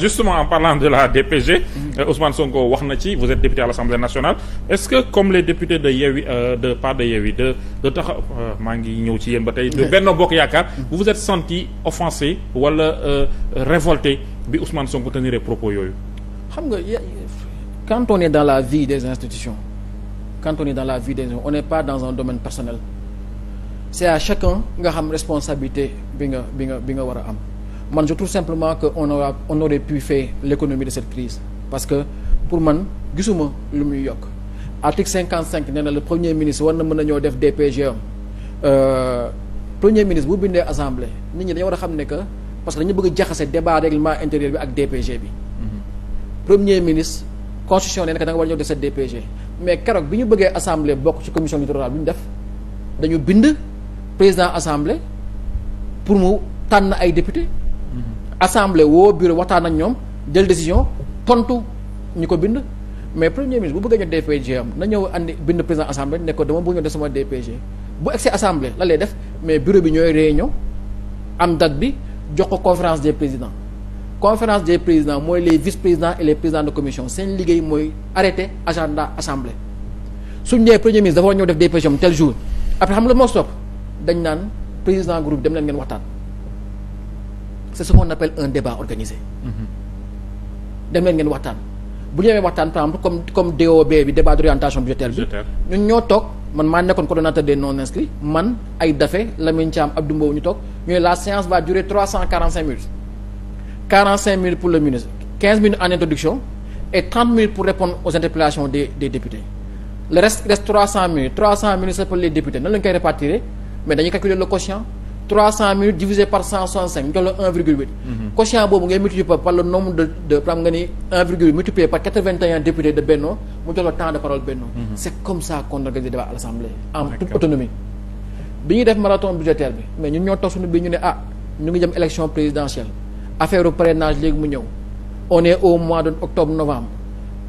justement en parlant de la DPG euh, Ousmane Sonko wax na ci vous êtes député à l'Assemblée nationale est-ce que comme les députés de Yewwi euh, de pas de Yewwi de de tax euh, maa ngi ñëw ci yéen ba tey de Benno Bokk Yaakaar vous vous êtes senti offensé wala révolté bi Ousmane Sonko tenir propos yooyu xam nga quand on est dans la vie des institutions quand on dans la vie des on n'est pas dans un domaine personnel c'est à chacun nga xam responsabilité bi nga bi nga bi nga war a am man je trouve simplement que on aura on aurait pu faire l'économie de cette crise parce que pour man gisuma lu muy yokk article cinquante cinq nee na le premier ministre war na mën a ñoo def DPG am euh, premier ministre bu bindee assemblée nit ñi dañoo war a xam ne que parce que dañu bëgg a jaxase débat règlement intérieur bi ak DPG bi mm-hmm. premier ministre constitution nee na que war a ñëw def sa DPG mais keroog bi ñu bëggee assemblée bokk ci commission littorale bi ñu def dañu bind président assemblée pour mu tànn ay député assemblée woo bureau waxtaan ak ñoom jël décision tontu ñu ko bind mais premier ministre bu bëggee ñu DPG am na ñëw andi bind président assemblée ne ko dama bëgg ñu def sama DPG bu egsee assemblée la lay def mais bureau bi ñooy réunion am date bi jox ko conférence des présidents conférence des mooy les vice présidents et les présidents de commission seen liggéey mooy arrêté agenda assemblée suñ ñëwee premier ministre dafa ñëw def DPG am tel jour après xam nga moo stop dañ naan président groupe dem leen waxtaan. c'est ce qu'on appelle un débat organisé. Mm-hmm. dem leen ngeen waxtaan bu ñu demee waxtaan par exemple comme comme DOB bi débat d'orientation budgétaire bi. ñun ñoo toog man maa nekkoon coordonnateur des non inscrits man ay dafe Lamine Thiam Abdou Mbow ñu toog ñu ne la séance va durer trois cent quarante cinq minutes. quarante cinq minutes pour en introduction et trente minutes pour répondre aux interpellations des des le reste reste trois cent minutes trois cent minutes trois cent minutes divisé par cent soixante cinq jox la un virgule huit mhm. quotient boobu ngay multiplier par par le nombre de de par nga ni un virgule multiplié par quatre vingt et de Benno mu jox la temps de parole Benno mm -hmm. c' comme ça qu'on organise le débat à autonomie bi ñuy def marathon budgétaire bi mais ñun ñoo toog suñu bi ñu ne ah ñu ngi jëm élection présidentielle affaire u parrainage léegi mu ñëw on au mois de octobre novembre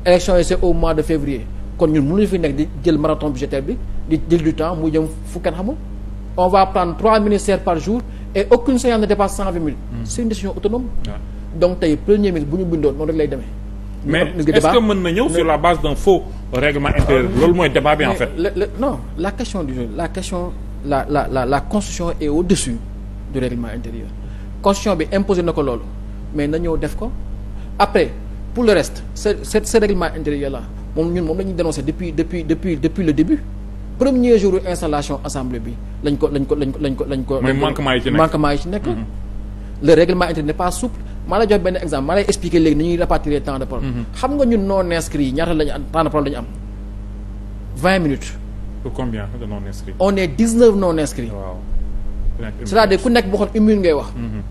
élection yi c' fi nekk di jël marathon budgétaire bi di temps mu jëm on va prendre trois ministères par jour et aucune séance ne dépasse cent vingt minutes. Hmm. c'est une décision autonome. donc tey premier ministre bu ñu bindoon noonu rek lay demee. mais est-ce que mën na ñëw sur la base d'un faux règlement ah, intérieur loolu mooy débat bi en fait. Le, le, non la question du la question la la la la constitution est au-dessus du règlement intérieur constitution bi imposé na ko loolu mais na ñëw def ko après pour le reste ce ce ce premier jour installation assemblée bi lañ ko lañ ko lañ ko lañ ko lañ ko mooy manquement yi ci nekk manquement yi ci nekk mhm. le règlement interne pas souple maa lay jox benn exemple maa lay expliquer léegi ni ñuy répartir temps de parole mhm. xam nga ñun non inscrits yi ñaata lañu temps de parole lañu am vingt minutes non inscrits on est dix ku nekk boo xoon une ngay wax mhm.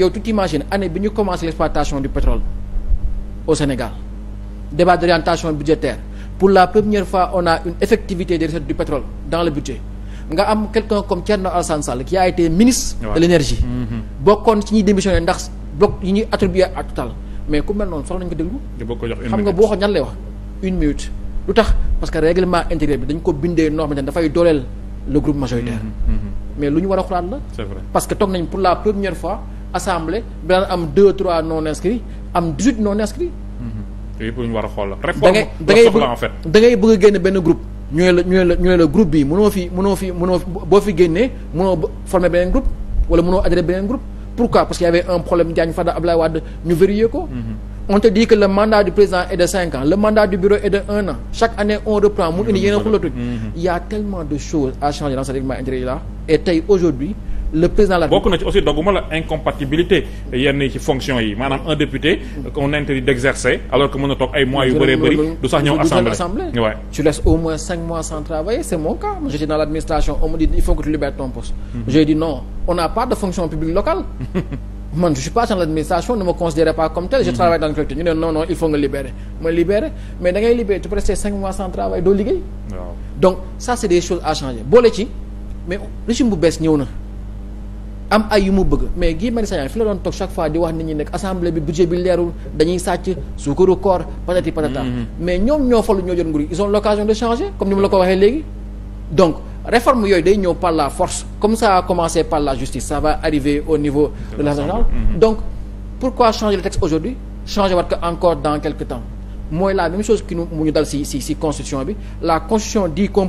yow tu t'imagines année bi ñu commencé l'exploitation du pétrole au Sénégal débat d'orientation budgétaire pour la première fois on a une effectivité des recettes du pétrole dans le budget nga am quelqu'un comme Thierno Alassane Sall qui a été de l'énergie mhm. bokkoon ci ñuy démissionné ndax bloc yi ñuy attribué à Total mais ku mel noonu soxla nañu ko déglu xam nga boo ko ñan lay wax une minute lu tax parce que règlement intérieur bi dañ ko bindee noo xamante ne dafay dooleel le groupe majoritaire mhm, mhm. mais lu ñu war a xulaat la parce que toog nañ pour la première fois assemblée bi daan yëpp lu ñu war a xool bëgg a génne benn groupe. ñooy la ñooy la la groupe bi mënoo fi mënoo fi mënoo boo fi génnee mënoo former beneen groupe wala mënoo adhéré beneen groupe pourquoi parce qu'il y avait un problème Diagne Fada Abdoulaye Wade ñu vérifié ko. Mm-hmm. on te dit que le mandat du président est cinq ans le mandat du bureau est un an chaque année on reprend mu indi mm-hmm. yeneen xulatuñ. Mm-hmm. il y a tellement de choses à changer dans ce règlement intérieur là et tey aujourd'hui le président la bokk na ci aussi dogguma la incompatibilité yenn ci fonction yi maanaam un député qu'on interdit d'exercer alors que mën na toog ay mois yu bëree bëri du sax ñëw assemblée ouais. au moins cinq mois sans travailler c'est mon cas j'étais dans l'administration on me dit il faut que tu libères ton poste mm-hmm. j'ai dit non on n'a pas de fonction publique locale man je pas dans l'administration ne me considère pas comme tel je mm-hmm. travaille dans le collectif ñu ne am ay yu mu bëgg mais Guy Marius Sagna fi la doon toog chaque fois di wax nit ñi nekk assemblée bi budget bi leerul dañuy sàcc suukaru koor patati patata mm-hmm. mais ñoom ñoo falu ñoo jot nguur ils ont l'occasion de changer comme ni mu la ko waxee léegi donc réforme yooyu day ñëw par la force comme ça a commencé par la justice ça va arriver au niveau de l'Assemblée nationale mm-hmm. mm-hmm. donc pourquoi changer le texte aujourd'hui changer wat ko encore dans quelque temps mooy la même chose ki mu bi la constitution dit qu'on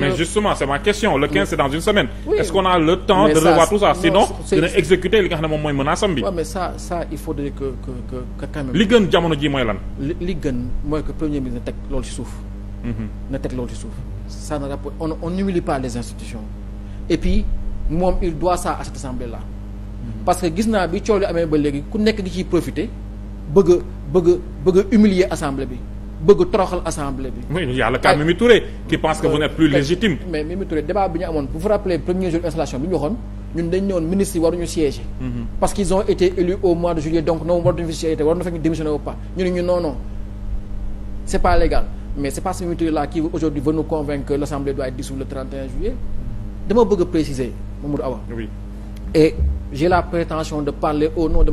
mais justement c'est ma question le 15 c'est dans une semaine est-ce qu'on a le temps de revoir tout ça sinon dina exécuter li nga xam ne moom mooy menaçam bi mais ça ça il faudrait que que que que li gën jamono ji mooy lan li gën mooy que premier ministre na teg loolu ci suuf mhm. na teg loolu ci suuf ça ne rapporte on on n'humilie pas les institutions et puis moom il doit ça à cette assemblée là mhm. parce que gis naa bi coow li amee ba léegi ku nekk di ciy profiter bëgg a bëgg bëgg a humilier bi bëgg toroxal assemblée bi. oui y a le cas Mimi Touré qui pense que vous n'êtes plus mais Mimi Touré débat bi ñu amoon bu vous rappelez premier jour installation bi ñu waxoon ñun dañ ne woon ministre yi waruñu siéger. Mhm. parce qu'ils ont été élus au mois de juillet donc non waruñu fi siéger waruñu fekk ñu démissionner ou pas ñu ne ñu non c'est pas légal mais c'est pas ce Mimi Touré là aujourd'hui veut nous que l'assemblée doit être dissoute le 31 juillet dama bëgg préciser Mamadou Awa. oui et j'ai la prétention de parler au nom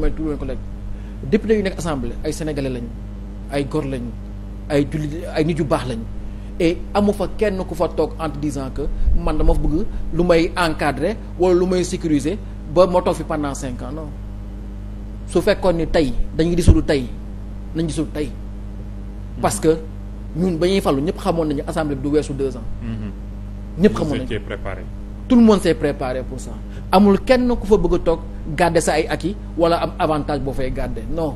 ay jullit ay nit yu baax lañu et amu fa kenn ku fa toog en te disant que man dama bëgg lu may encadre wala lu may sécuriser ba moo toog fi pendant cinq ans non su fekkoon ni tey di gisul tey nañ gisul tey parce que ñun ba ñuy fallu ñëpp xamoon nañu assemblée bi du weesu deux ans. Mm-hmm. ñëpp xamoon nañu préparé. tout le monde s'est pour ça amul kenn ku fa bëgg a toog garder sa ay acquis wala am avantage boo fay garder no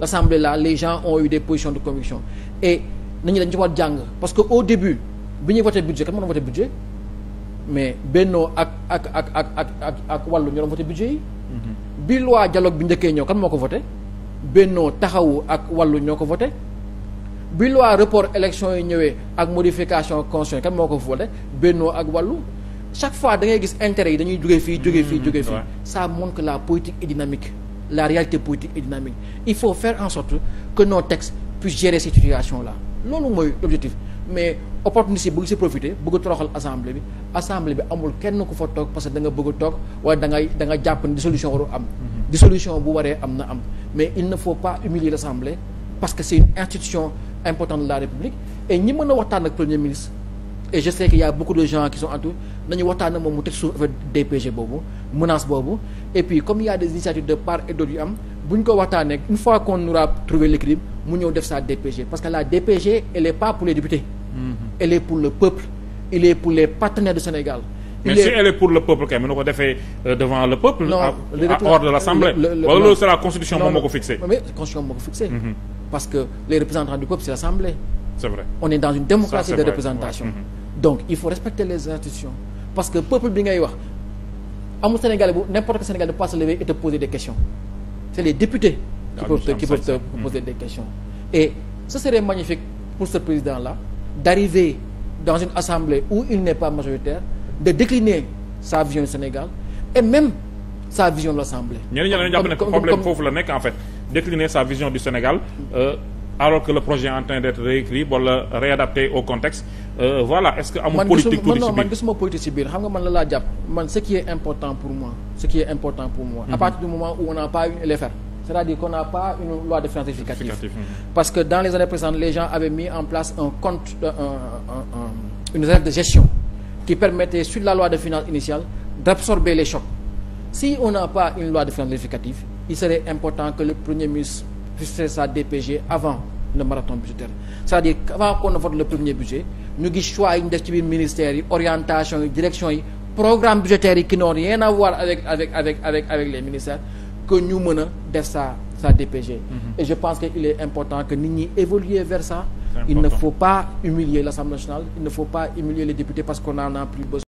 l'assemblée là les gens ont eu des positions de conviction et nañu dañ ci war jàng parce que au début bi ñuy voté budget kan moo doon voté budget mais Benno ak ak ak ak ak ak ak ñoo doon voté budget yi mm-hmm. bi loi dialogue bi njëkkee ñëw kan moo ko voté Benno taxawu ak wallu ñoo ko voté bi loi report élection yi ñëwee ak modification constitution kan moo ko voté Benno ak wallu chaque fois dangay gis intérêt yi dañuy jógee fii jóge fii jógee fii mm-hmm. ça montre que la politique est dynamique la réalité politique est dynamique il faut faire en sorte que nos textes puissent gérer cette situation là loolu mooy l'objectif mais opportunité bëgg si profiter bëgg toroxal assemblée bi assemblée bi amul kenn ku fa toog parce que da nga bëgg a toog wala da ngay da nga jàpp ne dissolution warul am solution bu waree am na am mais il ne faut pas humilier l'assemblée parce que c'est une institution importante de la république et ñi mën a waxtaan ak premier ministre de en tout nañu waxtaan moom mu teg suuf affaire DPG boobu menace boobu e puis comme il y a des initiatives de part et d'autre yu am bu ñu ko waxtaanee une fois qu'on aura trouvé l'équilibre mu ñëw def sa DPG parce que la DPG elle est pas pour les députés mm-hmm. elle est pour le peuple elle est pour les partenaires du Sénégal mais si elle est pour le peuple kay mën na ko defee euh, devant de l'Assemblée c'est la constitution moom moo ko mm-hmm. parce que les représentants du peuple c'est l'Assemblée on est dans une démocratie amul Sénégalais bu n'importe quel Sénégalais peut se lever et te poser des questions c'est les députés qui ah, peuvent poser des questions et ce serait magnifique pour ce président-là d'arriver dans une assemblée où il n'est pas majoritaire de décliner sa vision du Sénégal et même sa vision de l'assemblée ñeneen ñi dañu jàpp ne problème foofu la nekk en fait décliner sa vision du Sénégal euh, alors que le projet est en train d'être réécrit wala réadapté au contexte Euh, euh, voilà est-ce que amul politique tuuti ci biir man gisuma politique ci biir xam nga man la laa jàpp man ce qui est important pour moi ce qui est important pour moi à mhm. partir du moment où on n'a pas une LFR c'est-à-dire qu'on n'a pas une loi de finances rectificative mhm. parce que dans les années précédentes les gens avaient mis en place un compte euh, un, un, un, une réserve de gestion qui permettait sur la loi de finances initiale d'absorber les chocs si on n'a pas une loi de finances rectificative il serait important que le premier ministre fixe sa DPG avant le marathon budgétaire c'est-à-dire avant qu'on ne vote le premier budget ñu gis choix yi ñu def ci biir ministère yi qui n'ont rien à voir avec les ministères que ñu mën a sa DPG. Mhm. et je pense que est important que nit évoluer vers ça. il ne faut pas humilier l'Assemblée nationale il ne faut pas humilier les députés parce qu'on en a plus